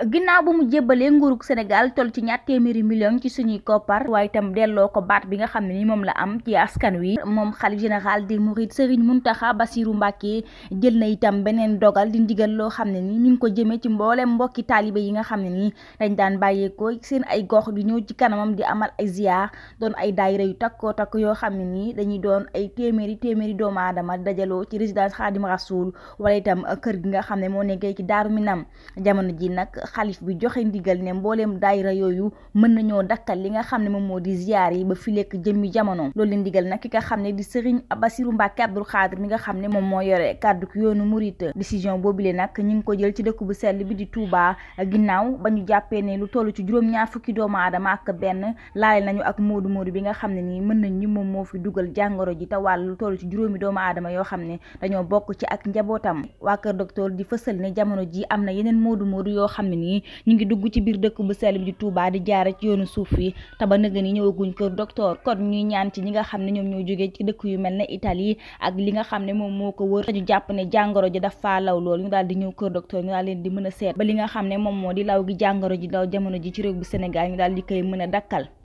ginnaaw ba mu jébbalee nguurug Sénégal toll ci ñaar téeméeri million ci suñuy koppar waaye itam delloo ko baat bi nga xam ne ni moom la am ci askan wi moom xalif général des mourides Serigne Mountakha Bassirou Mbacké jël na itam beneen dogal di ndigal loo xam ne nii ñu ngi ko jëmee ci mboolem mbokki taalibe yi nga xam ne nii dañ daan bàyyeekoo seen ay gox di ñëw ci kanamam di amal ay ziar doon ay daayira yu takkoo takk yoo xam ne nii dañuy doon ay téeméeri téeméeri doomu aadama dajaloo ci résidence Khadim Rasoul wala itam kër gi nga xam ne moo nekkee ci Daaru Minam jamono ji nag xalif bi joxe ndigal ne mbooleem daayira yooyu mën nañoo dakkal li nga xam ne moom moo di ziyaar yi ba fi lekk jëmmi jamono loolu ndigal nag ki nga xam ne di Serigne Bassirou Mbacké Abdoul Khadr mi nga xam ne moom moo yore kàddu yoonu murit décision boobule nag ñi ngi ko jël ci dëkk bu sell bi di Touba ginnaaw ba ñu jàppee ne lu toll ci juróom-ñaar fukki doomu aadama ak benn laale nañu ak moodu moodu bi nga xam ne nii mën nañ ñi moom moo fi dugal jàngoro ji te wàll lu toll ci juróomi doomu aadama yoo xam ne dañoo bokk ci ak njabootam waa kër docteur di fësal ne jamono ji am na yeneen moodu moodu yoo xam ne nii ñu ngi dugg ci biir dëkk bu sell bi di Touba di jaare ci yoonu suuf yi te ba nëgë ni ñëwaguñ kër docteur kon ñuy ñaan ci ñi nga xam ne ñoom ñoo jógee ci dëkk yu mel ne Italie ak li nga xam ne moom moo ko wër ñu jàpp ne jàngoro ji dafa law lool daal di ñëw kër docteur ñu leen di mën a li nga xam ne moom moo di law gi jàngoro ji daw jamono ji ci réew bu Sénégal ñu daal di koy mën a dakkal